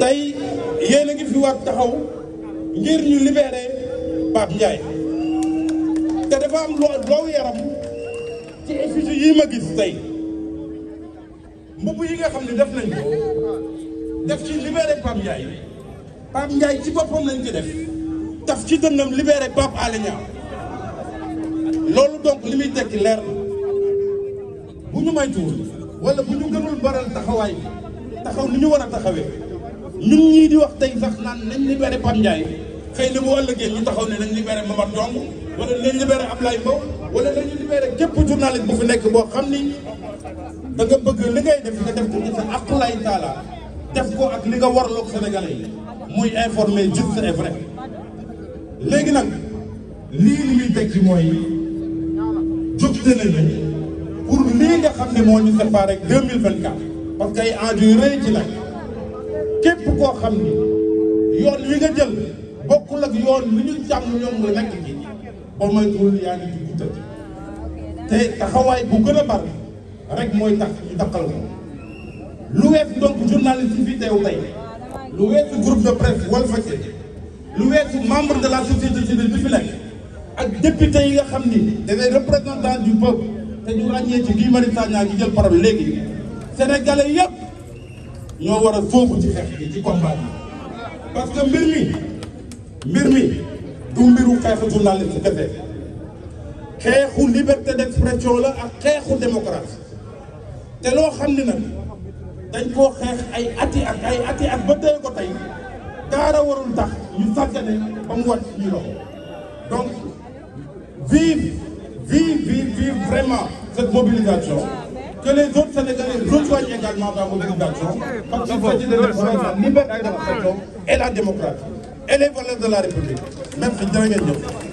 tey yéen a ngi fi war taxaw ngir ñu libéré Pape Ndiaye te dafa am loow yaram ci affiche yi ma gis tey mbubb yi nga xam ne def nañ ko def ci libéré Pape Ndiaye Pape Ndiaye ci boppam lañ ci def taf ci dënnam libéré Pape Alé Niang loolu donc li muy tekki leer bu ñu maytuwul wala bu ñu gënul baral taxawaay bi taxaw ni ñu war a taxawee ñun ñii di wax tey sax naan nañ libéré Pape Ndiaye xëy na bu ëllëgee ñu taxaw ne nañ libéré Mamad Ndong wala nañ libéré Ablaye Mbow wala nañ libéré képp journaliste bu fi nekk boo xam ni da nga bëgg li ngay def nga def ko ci sa akulaay taala ko ak li nga warloog Sénégalais yi muy informé juste et léegi nag lii li ñuy teg ci mooy jógte nañu pour lii nga xam ne moo ñu séparé 2024 parce que ay enjeu rëy ci nag. képp koo xam ni yoon wi nga jël bokkul ak yoon wi ñu jàmm ñoom nga nekk ci ba moytuwul yaa ngi ci gudda te taxawaay bu gën a bari rek mooy tax ñu takkal ko lu weesu donc journaliste fi teew tey lu weesu groupe de presse Walfadjri lu weesu membre de la société civile bi fi nekk ak député yi nga xam ni dafay représentant du peuple te ñu ràññee ci Guy Marius Sagna gi jël parole léegi sénégalais yëpp ñoo war a foofu ci xeex ci combat parce que mbir mi mbir mi du mbiru xeexu journaliste kese xeexu liberté d'expression la ak xeexu démocratie te loo xam ne nag dañ koo xeex ay ati ak ay ati ak ba tey ko tey a warul tax ñu sàggane ba mu wàcc ñu loxo donc vive vive vive vraiment cette mobilisation que les autres Sénégalais rejoignent également dans vos d'action, parce qu'il s'agit de défendre la liberté d'expression et la démocratie et les valeurs de la République. Merci, jërë ngeen jëf.